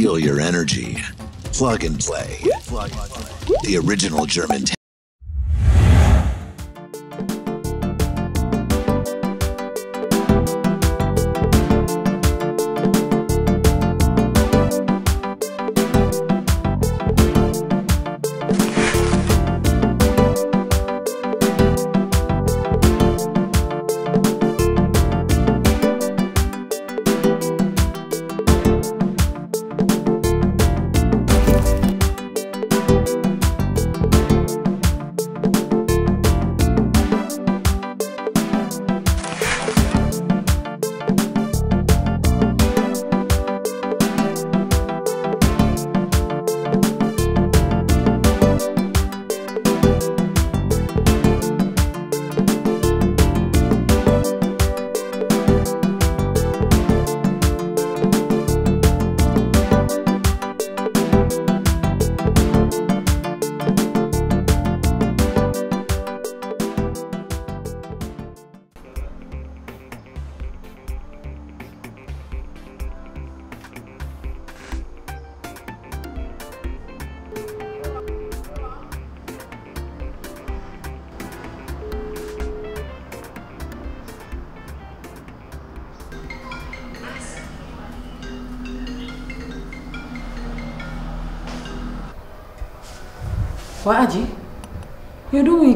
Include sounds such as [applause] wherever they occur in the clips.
Feel your energy. Plug and play. The original German.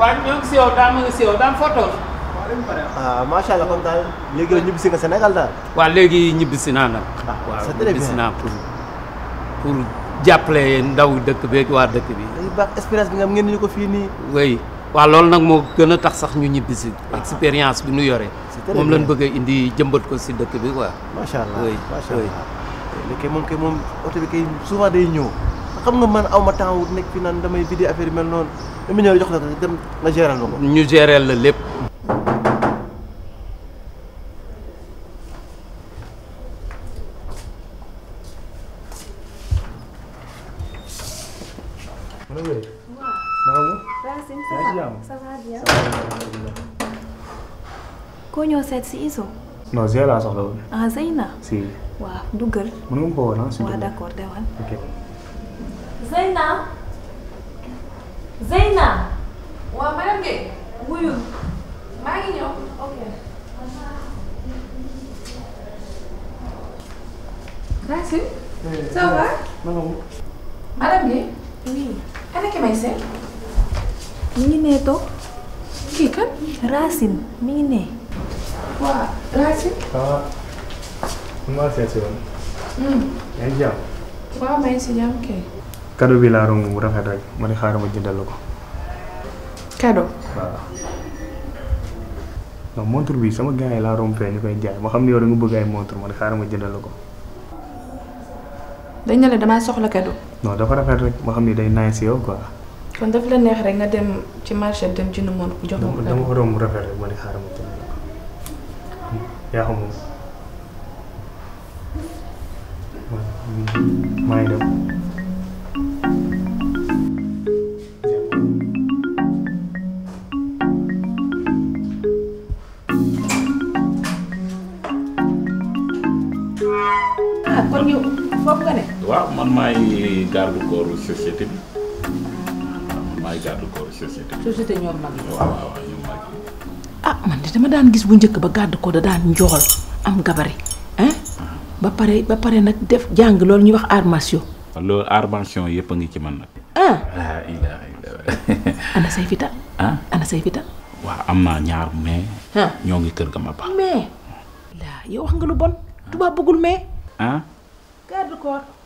waa ñoo ngi si ah, léegi yow ñibbisi nga Sénégal daal. waaw léegi ñibbisi naa nag. ah c'est très bien waaw ñibbisi naa pour pour jàppale ndaw dëkk beeg waa dëkk bi. dañuy baax expérience bi nga am ngeen ñu ko fii nii. oui waaw loolu nag moo gën a tax sax ñu ñibbisi. Ah. expérience bi ñu yore. moom lañ bëggee indi jëmbat ko si dëkk bi quoi. macha allah macha allah oui eh, oui. moom kay moom oto bi kay souvent day ñëw. xam nga man awma temps wu nekk fi naan damay vidéo affaire yi mel noonu dama ñëw jox la ko dem nga géral ma ko ñëw seet si Izo. non Zia soxla woon. ah Zeyna. duggal. mën nga ma ko woon ah. waaw Zeyna Zeyna. waaw madame Guèye. wuyul maa ngi ñëw ok. merci. Eh, ça va. madame Guèye. oui. ki may seet. mi ngi nee toog. kii kan. Racine mi ngi nee. waaw cadeau bi laa romb bu rafet rek ma ne xaaral ma jëndal la ko. cadeau waaw. non montre bi sama gars laa romb ñu koy jaay moo xam ne yow da nga bëgg ay montre ma ne xaaral ma jëndal la ko. dañ ne la damaa soxla cadeau. non dafa rafet rek ma xam ne day naaj si yow kon daf la neex rek nga dem ci marché dem ci nu mu jox ma ko dama ko romb rafet rek ma xaaral ma jëndal la ko yaa xam moom maa dem. man maay garde corps société bi man maay garde corps société bi. mag yi. waaw ah man de dama daan gis bu njëkk ba gàdd corps da daan njool am gabari hein uh-huh. ba pare ba pare nag def jàng loolu ñuy wax armation. loolu armation yëpp a ngi ci man nag. Ah. ana say fital. ana say fital. waaw am naa ñaar mais. ñoo ngi kër ga ma baax. mais. yow wax nga lu bon. tubaab bëggul mais. ah. garde corps.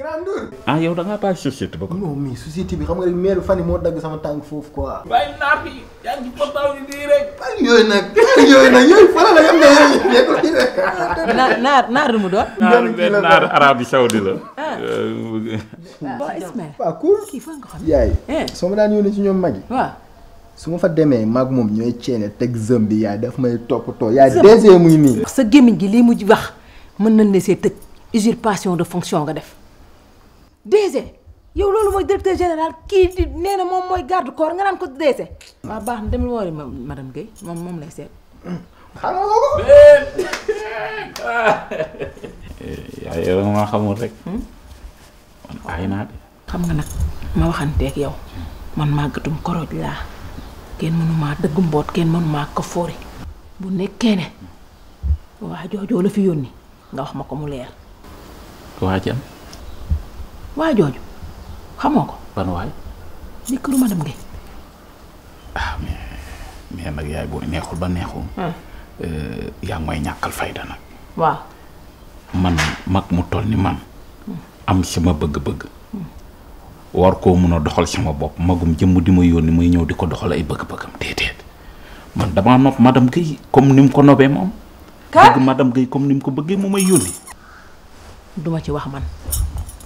grandeur. Ah, yow da ngaa bàyyi bi xam nga rek meeru fan yi moo dagg sama tànk foofu quoi. na yooyu nekkul ci rek. naar kii fan nga xam. yaay eh. soo ma daan yónnee ci ñoom mag yi. su ma fa demee mag moom ñooy ceene teg zëm bi yaay daf may toppatoo yaay dese muy nii. sa gémmiñ gi lii mu wax mën nañ ne see tëj usurpation de fonction nga def. DG yow loolu mooy directeur général kii di moom mooy garde corps nga naan ko DG. waaw baax na dem lu woori madame Guèye moom moom lay seet. [laughs] Hmm? xam nga ko. yaay nag ma waxanteeg yow man màggatum koroj laa kenn mënumaa dëggu mboot kenn mënumaa ko foori bu nekkee ne waa joojoo la fi yónni nga wax ma ko mu leer. waa jam waa jooju xamoo ko. ban waay. ni këru madame Guèye. Ah, mais nag yaay boo neexul ba neexul. Hmm. Euh, yaa ngi may ñàkkal fayda nag. waaw. man mag mu toll ni man. Hmm. am sama bëgg-bëgg. Hmm. war koo mun a doxal sama bopp magum jëmm di ma yónni muy ñëw di ko doxal ay bëgg-bëggam déedéet man damaa nopp madame Guèye comme ni mu ko nobee moom. bëgg madame Guèye comme ni mu ko bëggee mu may yónni. duma ci wax man.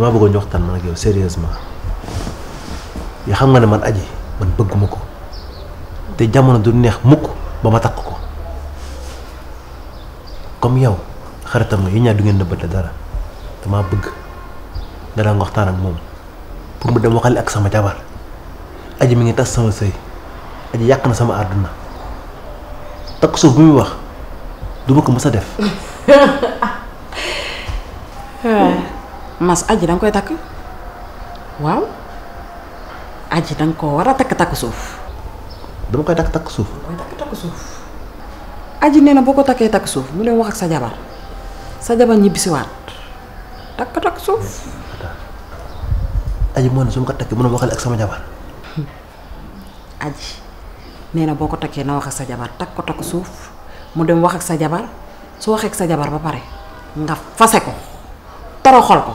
damaa bëggoon ñu man ak xam nga ne man aji bëgguma ko te jamono du neex mukk ba ma takk ko comme yow xaritam nga yi ñaar du ngeen nëbbante dara damaa bëgg nga waxtaan ak moom pour mu dem waxale ak sama jabar aji mi ngi tas sama sëy aji yàq na sama àdduna takk suuf bi muy wax du ko mës a def. [laughs] mas aji da nga koy takk waaw aji da nga koo war a takk takk suuf. dama koy takk takk suuf. takk suuf. aji nee na boo ko takkee takk suuf bu leen wax ak sa jabar sa jabar ñibbisiwaat takk takk suuf. aji moo su ko takkee mën a waxal ak [laughs] aji nee na boo ko takkee na wax sa jabar takk ko takk suuf mu dem wax ak sa jabar su waxee ak sa jabar ba pare nga fase ko toroxal ko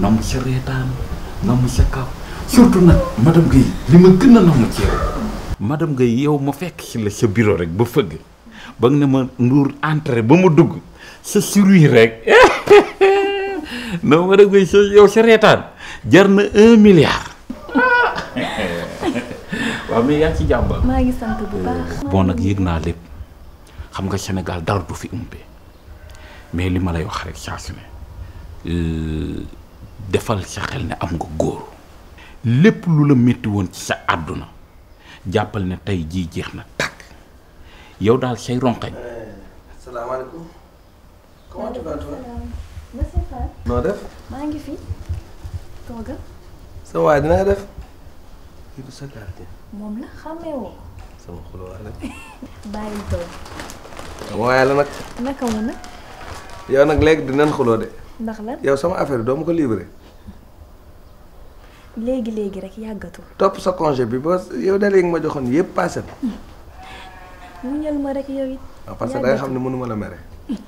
namm sa reetaan namm sa kaw surtout nag madame Guèye li ma gën a namm ci yow madame ma fekk si la sa bureau rek ba fëgg ba nga ne ma nduur entrée ba ma dugg sa sourire rek [laughs] non madame Guèye sa sa reetaan jar na un milliard [laughs] waaw mais yaa ci jàmm maa ngi euh, nag yëg naa lépp xam nga Sénégal dara du fi umpé mais li ma lay wax rek saa su ne euh, defal sa xel ne am nga góor lépp lu la métti woon ci sa àdduna jàppal ne tey jii jeex na takk yow daal say ronkañ. salaamaaleykum. comment tu def. ngi fi tooga. def. kii du moom la xamee woo. sama xulóo la. [laughs] bàyyi waaye la nag. naka mu nag. yow nag léegi dinañ xuloo de. ndax lan yow sama affaire doo ma ko livré. léegi léegi rek yàggatu. topp sa congé bi ba yow dara yi nga ma joxoon yëpp paase na. Hmm. Ah, que da xam ne mënu ma la mere. Hmm.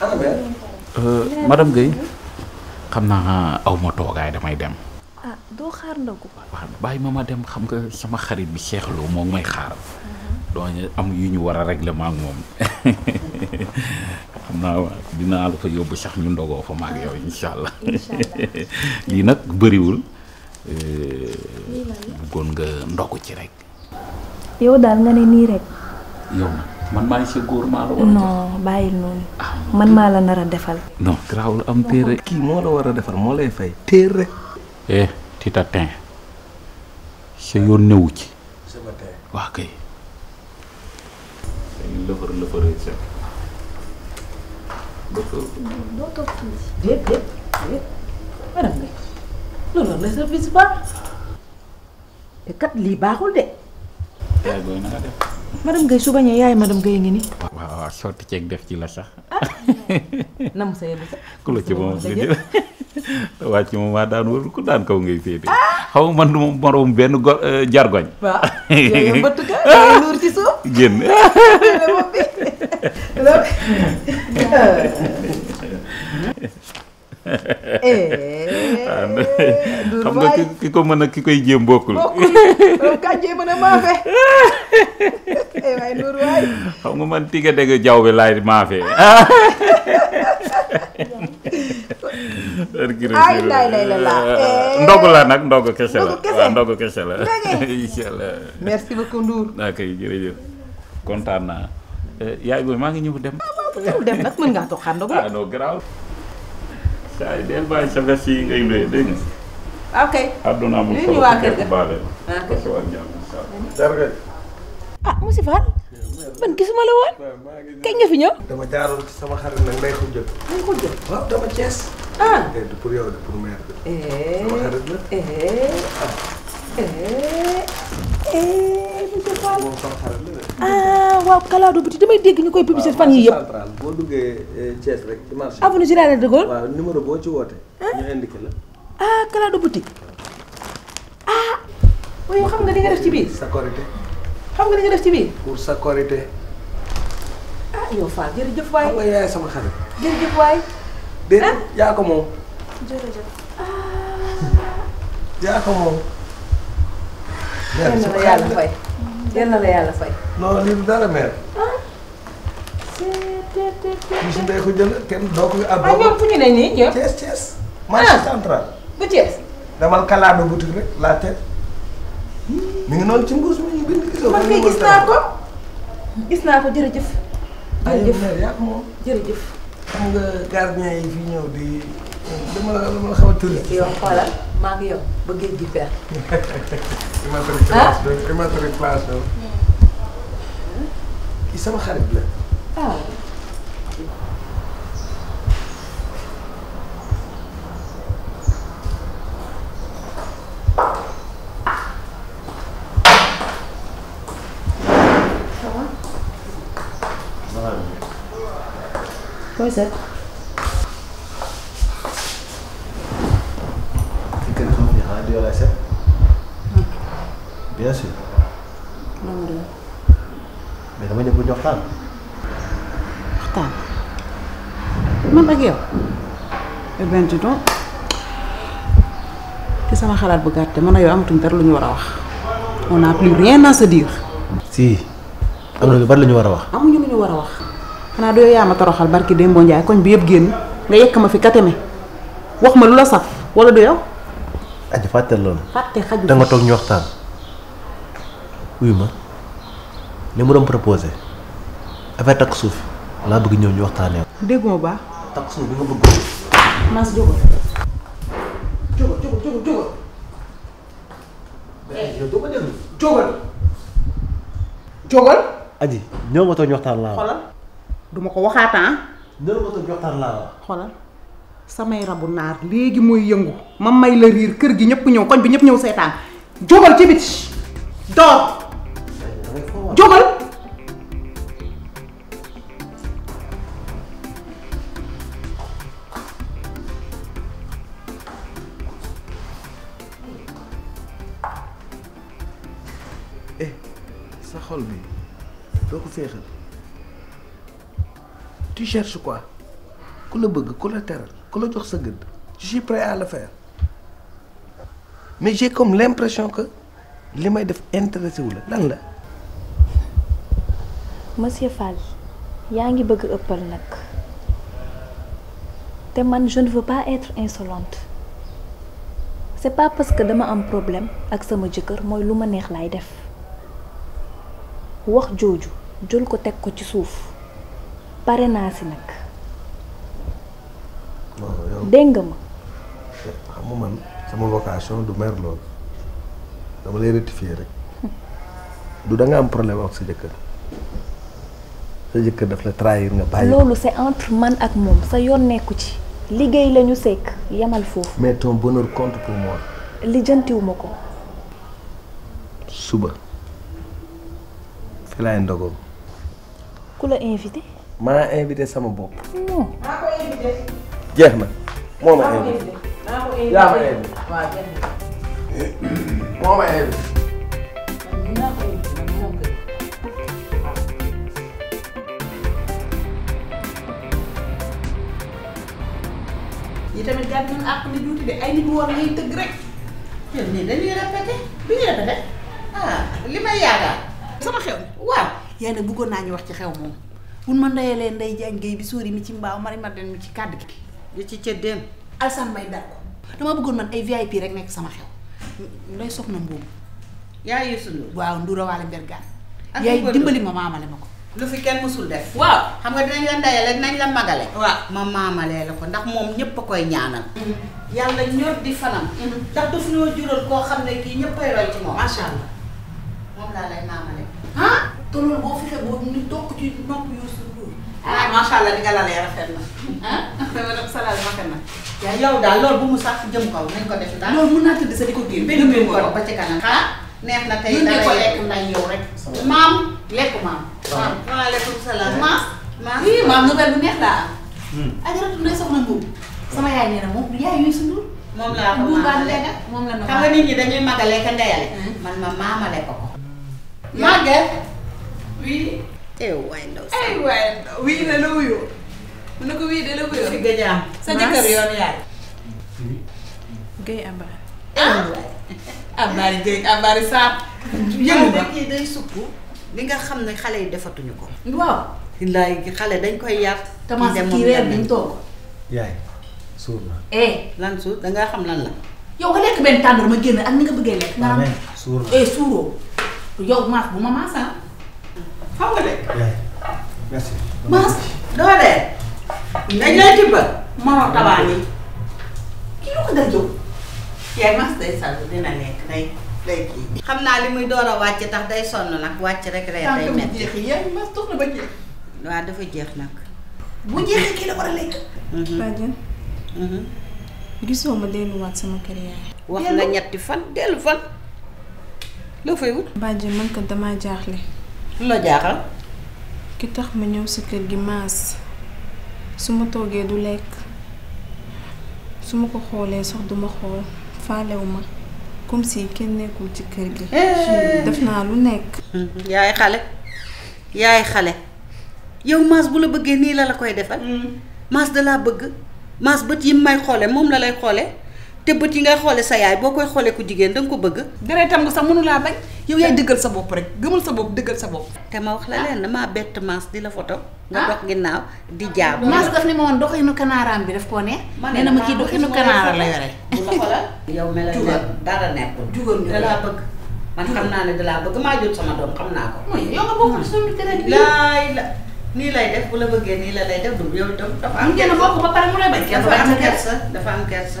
ana euh, mère. xam naa ah, aw ma toogaay damay dem. ah doo xaar ndogu. waaw bàyyi ma ma dem xam nga sama xarit bi Cheikh moom moo may xaar. Ah. dooñu yu ñu war a réglement ak moom [laughs] xam naa dinaa la fa yóbbu sax ñu ndogoo fa maag yow incha allah [laughs] lii nag bariwul bëggoon nga ndogu ci rek. yow daal nga ne nii rek. yow man maa ngi si góor maa la war a. non bàyyil ah, war a defal moo lay fay téere rek. eh tita tin sa yoon ci. waaw kay. lëfër lëfër yi set. kat lii baaxul de. yaay booy na nga def. su bañee yaay madame Guèye ngi nii. waaw waaw sotti ceeg def ci la sax. sa yëngu sax. ku la ci moom di jël waa ci moom daan wër ku daan kaw ngay féete. xaw du ma moroom benn go jargoñ. génn. Eh, xam nga ki ko mën a ki koy jéem bokkul. mën a eh, xam nga man tigga dégg jaww bi laay maafe. [laughs] ay la eh, nag ndog kese la ndog ah, kese la. [laughs] incha merci beaucoup Ndour. daa kontaan naa eh, yaay booy maa ngi ñëw dem. Ah, waaw dem nag mën ngaa toog xaar ndogu. ah saa yi del bàyyi sa veste yi ngay luye dégg nga. àdduna amul solo ñu ah, ah, man gisuma la woon kañ nga fi ñëw. dama jaaroon ci sama xarit nag eh, eh. lay ah waaw Kalaado Boutique damay dégg ñu koy publicité fan yii yëpp. waaw central boo duggee eh, Thiès rek ci marché. avenue Général boo ci woote. Ah. ñu indiqué la. ah Kalaado Boutique ah. yow xam nga li nga def ci biir. sa korité. xam nga li nga def ci biir. pour sa korité. ah yow Fall jërëjëf waay. xam nga yaay sama xarit. jërëjëf waay. déedéet ah. yaa ko yal na la yàlla fay. non lii du dara meer. Youssou Mbaye ko jël kenn doo ko. ah boobu ñoom fu ñu ne nii ñoom. Thiès Thiès. marché ah. central. bu Thiès. damal ngi noonu ci mbuus mi ñu bind gis naa ko. gis naa ko jërëjëf. jërëjëf aywa yaa moom jërëjëf. xam nga gardien yi fi ñëw di dama la dama la xaw a tënk. maa ngi yow ba géej gi feex. [laughs] ah imatari classe la hmm? kii sama xarit la. ah. ça va. E de dama ñëw bu ñu waxtaan. waxtaan man ak yow. eh bien donc ci sama xalaat bu gàtte man ak yow amatuñ dara lu ñu war a wax on n'a plus rien à se dire. am na lu bari lu ñu war a wax. amuñu lu ñu war a wax. xanaa doo yaa ma toroxal barki Demba Ndiaye koñ bi yëpp génn nga yekk ma fi katame wax ma lu la saf wala du yow. aji fàttal loolu. fàtte xaju da nga toog ñu waxtaan. uyu li mu doon proposé affaire takk suuf laa bëgg ñëw ñu waxtaanee ko. dégg nga bu baax. takk suuf bi nga bëgg. Mass jógal. jógal ko aji ñëw ma toog ñu waxtaan laa. xoolal du ko waxaat ah. ñëw toog ñu waxtaan laa. xoolal. samay rabu naar léegi mooy yëngu ma may la riir kër gi ñëpp ñëw koñ bi ñëpp ñëw seetaan jógal ci biti door jógal eh sa xol bi doo ko féexal tu cherches quoi ku la bëgg ku la teral ku la jox sa gëdd je suis prêt à le faire mais j'ai comme l'impression que li may def intéressé wu lan la. monsieur Fall yaa ngi bëgg ëppal nag te man je ne veux pas être insolente c'est pas parce que dama am problème ak sama jëkkër mooy lu ma neex laay def wax jooju jël ko teg ko ci suuf pare naa si nag. dégg nga ma. xam nga man sama vocation du mer loolu dama lay rectifier rek du danga am problème ak sa jëkkër sa jëkkër daf la trahir nga bàyyi. loolu c'est entre man ak moom sa yoon nekku ci liggéey la ñu sekk yamal foofu. mais ton bonheur compte pour moi. lijjantiwuma ko. suba fi laay ndogoo. ku la invité. maa invité sama bopp. non. jeex na. moo ma indi yi tamit gàtt nañu àq ni tuuti de ay nit woon ngay tëgg rek. Ah, li may yaakaar. sama xew waaw. yaa nag bëggoon naa ñu wax ci xew moom. bu ma ndeyalee ndey jàngee bi sóori mi ci mbaaw mari ma den mi ci kàddu gi. li ci cëddeen Alsaan Mbay dar ko dama bëggoon man ay VIP rek nekk sama xew nday soxna mboobu yaay Youssou Ndour waaw Ndour awaale mbergaan yaay dimbali ma maamale ma ko lu fi kenn mësul def waaw xam nga dinañ la ndeyale dinañ la magale waaw ma maamalee la ko ndax moom ñépp a koy ñaanal mhm. yàlla ñor di fanam mhm. ndax daf ñoo jural koo xam ne kii ñépp ay roy ci moom masha allah moom laa lay maamale ah te loolu boo fexee boo ñu toog ci nopp Youssou ah macha allah di nga lalee rafet na ah sa lal rafet na. yaa yow daal loolu bu mu sax jëm kaw nañ ko def daal. loolu mën naa tëdd sa di ko génn. benn benn ko ba ci kanam. neex na tey dara lekk ndax yow rek. maam lekk maam. maam waaleykum salaam maam. maam oui maam nouvelle bu neex laa am. Hmm. ajaratu ne soxna Mbour. sama yaay nee na moom yaay yooyu sundur moom laa ko maamalee ko la xam nga nit ñi dañuy màggalee ka ndeyale. Hmm. ko ko. màgge oui. eh waay ndaw si eh ndaw wii de la wuyoo. mu ne ko wii de la wuyoo. fi gëj a am sa jëkkër yoon yaay. Guèye Ambar. Ambar Guèye Ambar Sarr. yëngu ba kii day sukk li nga xam ne xale yi defatuñu ko. waaw. laay xale dañ koy yar. tamit demoon kii weer biñ toog. yaay suur na. eh lan suur dangaa xam lan la. yow nga lekk benn tàndoor ma génn ak ni nga bëggee lekk. nga am suur na eh suuroo. yow maas bu ma maas ah. xam nga de. merci. Mass doole. dañ lay tibbal. kii lu ko dal yaay Mass day sal dina nekk day day xam naa li muy door a wàcc tax day sonn nag wàcc rek rek day métti. jeex yaay Mass toog na ba jeex. waaw dafa jeex nag. bu jeexee kii la war lekk. Mhm. bàjjen. Mhm. gisoo ma delluwaat sama kër yaay. wax nga ñetti fan dellu fan. loo fay wut. bàjjen man ko damaa jaaxle. lu la jaaxal. ki tax ma ñëw si kër gi maas su ma toogee du lekk su ma ko xoolee sax duma xool faalew ma comme si kenn nekkul ci kër gi. Eh. def naa lu nekk. Hmm, yaay xale yaay xale yow maas bu la bëggee nii la la koy defal. Hmm. maas da laa bëgg maas bët yi may xoole moom la lay xoole te bët yi ngay xoole sa yaay boo koy xoolee ku jigéen danga ko bëgg. deretam nga sax mënu laa bañ. yow yaay dëggal sa bopp rek gëmal sa bopp dëggal sa bopp. te ma wax la leen damaa bett maas di la photo nga dox ginnaaw di jaab. maas daf ne ma woon doxinu kanaaraam bi daf koo ne. nee na ma kii doxinu kanaara la yore. bu ma xoolal yow dara nekkul. jugal ñu dalaa bëgg. man xam naa ne dalaa bëgg maa jot sama doom xam naa ko. mooy la. nii lay def bu la bëggee nii la lay def du yow itam dafa am. ngeen bokk ba pare mu lay bañ. dafa am kersa dafa am kersa.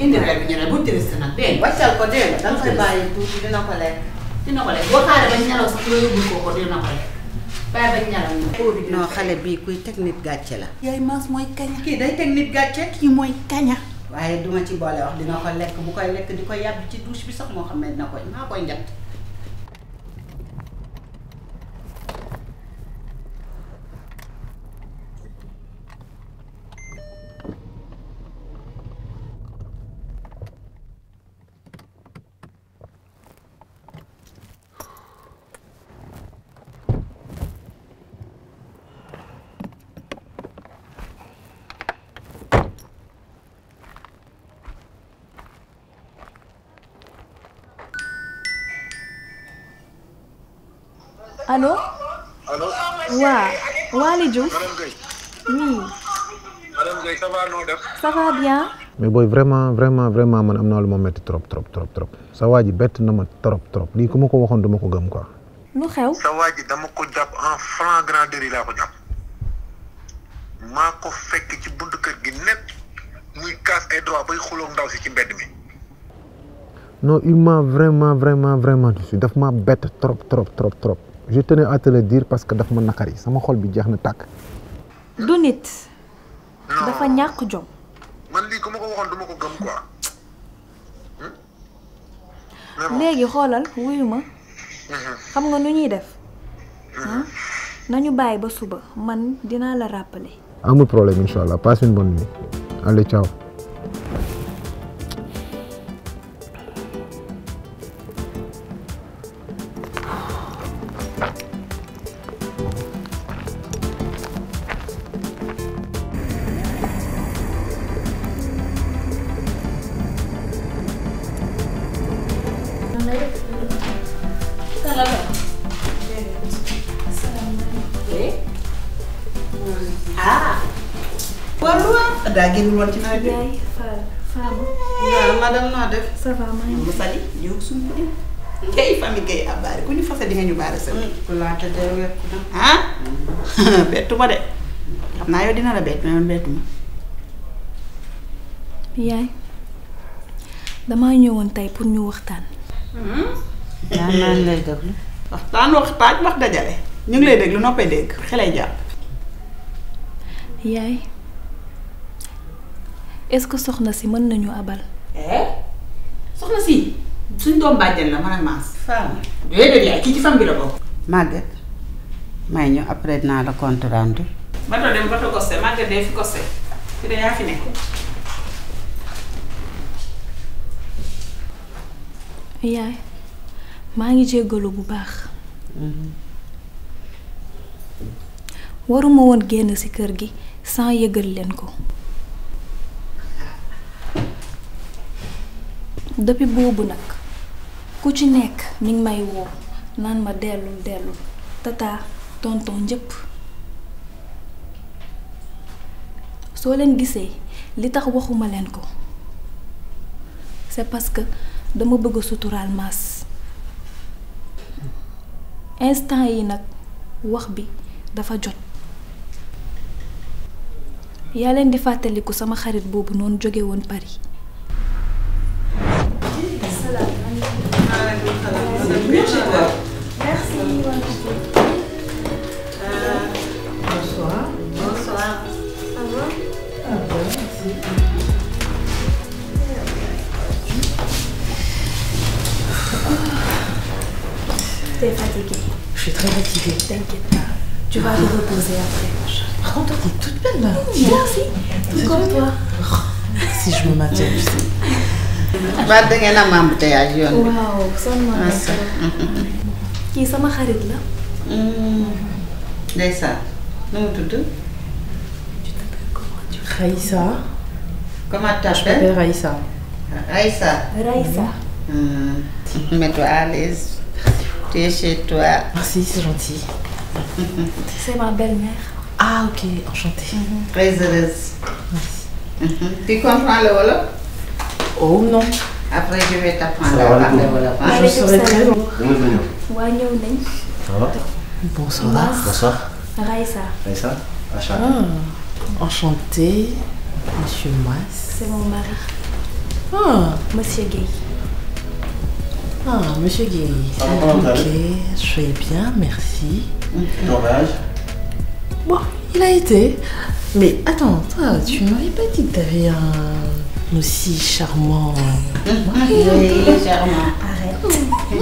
indi reer bi ñu ne bu triste nag dégg nga. wàccal ko dégg nga da nga koy bàyyi tuuti dina ko lekk. boo xaaree ba ñu ñaraw ñu ñaraw ñu. xale bii kuy teg nit gàcce la. yaay maas mooy kaña. kii day teg nit gàcce. kii mooy kaña. waaye duma ci boole wax dina ko lekk bu koy lekk di ko yàbbi ci douche bi sax moo xam ne dina ko maa koy njatt allo. allo. waaw. Waly Diouf. noo def. ça va mais booy vraiment vraiment vraiment man am naa lu ma métti trop trop trop sa waa ji bett na ma trop trop lii ku ma ko waxoon dama ko gëm quoi. lu xew. sa waa ji dama ko jàpp en flagrant délit laa ko jàpp maa ko fekk ci buntu kër gi net muy kaas ay droit bay xuloog ndaw si ci mbedd mi. non il vraiment vraiment vraiment dessus daf ma bett trop trop trop trop. je tenais à te le dire parce que na ma naqari sama xol bi jeex na tàkk. du nit. dafa ñàkk jom. Hmm? léegi xoolal wuyu ma. Hmm. xam nga nu ñuy def. Hmm. nañu bàyyi ba suba man dinaa la rappeler. amul problème incha allah passe une bonne ah [laughs] bettu ma de xam naa yow dina la bett mais man bettu ma. yaay damaa ñëwoon tey pour ñu waxtaan. Hmm? [laughs] yaa naan lay déglu. waxtaan wax taaj wax dajale ñu ngi lay déglu noppay dégg xelay jàpp. yaay est-ce que soxna si mën nañu abal. Eh? soxna si suñ doom bàjjen la man ak maas. femme. déedéet yaay kii ci femme bi la bokk. Maguette may ñu après dinaa la compte rendu. bato dem bato Gosse Maguette day fi Gosse fi de yaa fi nekk. yaay maa ngi jéggalu bu baax. Mhm. waruma woon génn ci kër gi sans yëgal leen ko. depuis boobu nag ku ci nekk mi ngi may woo. naan ma dellul dellul tata tonton jëpp soo leen gisee li tax waxuma leen ko c'est parce que dama bëgg a suturaal maas instant yi nag wax bi dafa jot yaa leen di fàttaliku sama xarit boobu noonu jóge woon Paris Salaamaaleykum Bonsoir. Bonsoir. Ça va Ça va, merci. T'es fatiguée Je suis très fatiguée. T'inquiète pas. Tu vas te reposer après. Rentre, oh, t'es toute belle là. Merci. Tout comme toi. [laughs] Si je me maintiens, tu sais. ba da ngeen am embouteillage yoon bi. waaw sonn naa kii sama xarit la. ndeysaan nu mu tudd. Raïssa. comment t'appelles? Raïssa. Raïssa. Raïssa. Hmm. [laughs] mets-toi à l'aise. tu es chez toi. merci c'est gentil. c'est ma belle-mère. ah ok enchantée. Mmh. très heureuse. merci. Mhm. tu comprends le wolof. oh non. après je vais t'apprendre à parler wolof. je serai très waa ñëw nañ. bonsoir bonsoir. Ah, enchanté hmm. monsieur Mass. c'est mon mari. Hmm. ah monsieur Guèye. ah monsieur Guèye. ok je mmh. bon il a été. mais attends toi tu m'avais pas dit que t'avais un aussi charmant. Mmh. Oui, charmant. Arrête. Oui.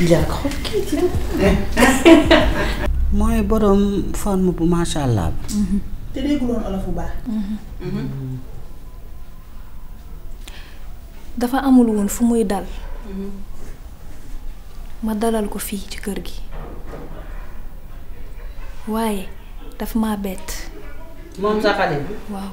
il a croqué [laughs] mooy borom forme bu macha allah. Mm-hmm. te mm-hmm. Mm-hmm. dafa amul woon fu muy dal. ma dalal ko fii ci kër gi waaye dafa ma bett. moom sa xale bi. waaw.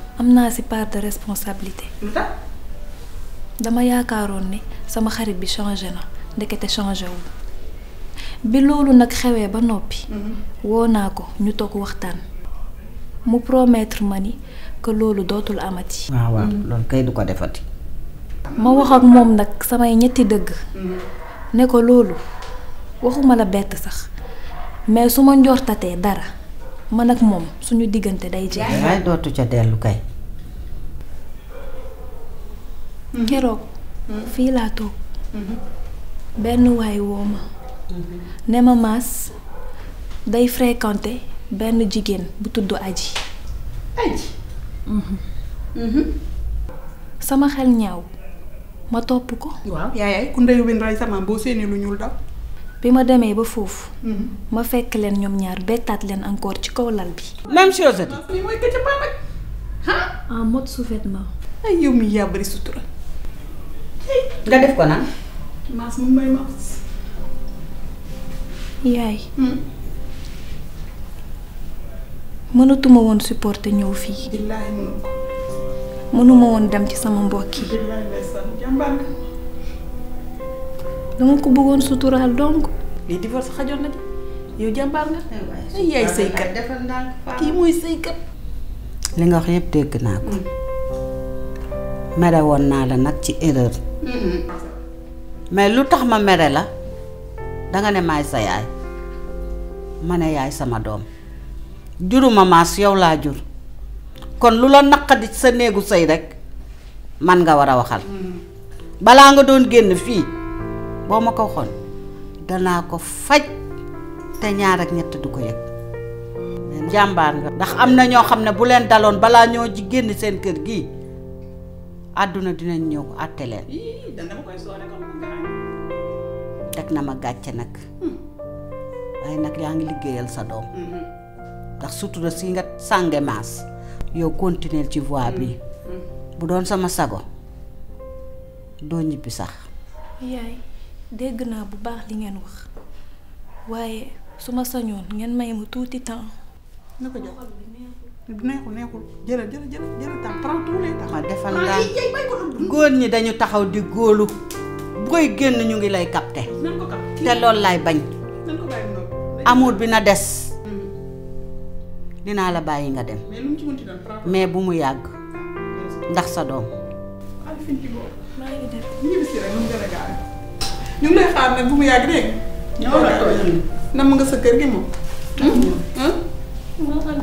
am naa si part de responsabilité. dama yaakaaroon ni sama xarit bi changé na ndekete changé wu bi loolu nag xewee ba noppi. Mhm. woo naa ko ñu toog waxtaan. mu promettre ma ni que loolu dootul amati. ah mhm. du ko defati. ma wax ak moom nag samay ñetti dëgg. Mhm. ne ko loolu waxuma la bett sax mais su ma njortatee dara. man ak moom suñu diggante day jeex. waaye dootu ca dellu kay. Hmm. keroog. Hmm. fii laa toog. Hmm. benn waay woo ma. ne ma maas day fréquenter benn jigéen bu tudd aji. Mhm. sama xel ñaaw ma topp ko. waaw yaay lu ñuul bi ma demee ba foofu. Mhm. ma fekk leen ñoom ñaar bettaat leen encore ci kaw lal bi. même chose la. a en mode sous-vêtement. ay yow mi yaa bari sutura. nga def ko naan. yaay. Hmm? mënatuma woon supporter ñëw fii. mënuma woon dem ci sama mbokk yi. dama ko bëggoon suturaal donc. lii divorce xajoon na di yow jàmbaar nga. Eh ay yaay sëykat kii mooy sëykat. li nga wax yëpp dégg naa ko. Mm. mere woon naa la nag ci erreur. mais lu tax ma mere la danga ne maay sa yaay ma ne yaay sama doom juruma maas yow laa jur kon lu la naqadi sa néegu sëy rekk man nga war a waxal mm. balaa nga doon génn fii. boo ma ko waxoon danaa ko faj te ñaar ak ñett du ko yëg mm. ndax am na ñoo xam ne bu leen daloon balaa ñoo jigéen seen kër gi àdduna dinañ ñëw ko àtte leen teg na ma gàcce nag hmm. nag yaa ngi liggéeyal sa doom mm-hmm. ndax surtout si nga sànge yow continuer ci voie bi mm-hmm. bu doon sama sago doo ñibbi sax dégg naa bu baax li ngeen wax waaye su ma sañoon ngeen may mu tuuti temps. na ko jox neexul neexul jëlal jëlal jëlal ma defal nga ah, góor ñi dañu taxaw di góolu booy génn ñu ngi lay capté. te loolu laay bañ. amour bi na des. Hmm. dinaa la bàyyi nga dem. mais bu mu yàgg ah, ndax sa doom. Ah, ñu ngi lay xaar nag bu mu yàgg nga. sa kër gi moom. moo xam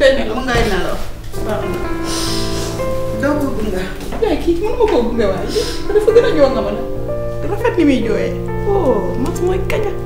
day ne mu ngay nelaw baax na. doo ko gunga. waaye kii mënu ma koo gunge waaye dafa rafet ni muy jooyee. oh man mooy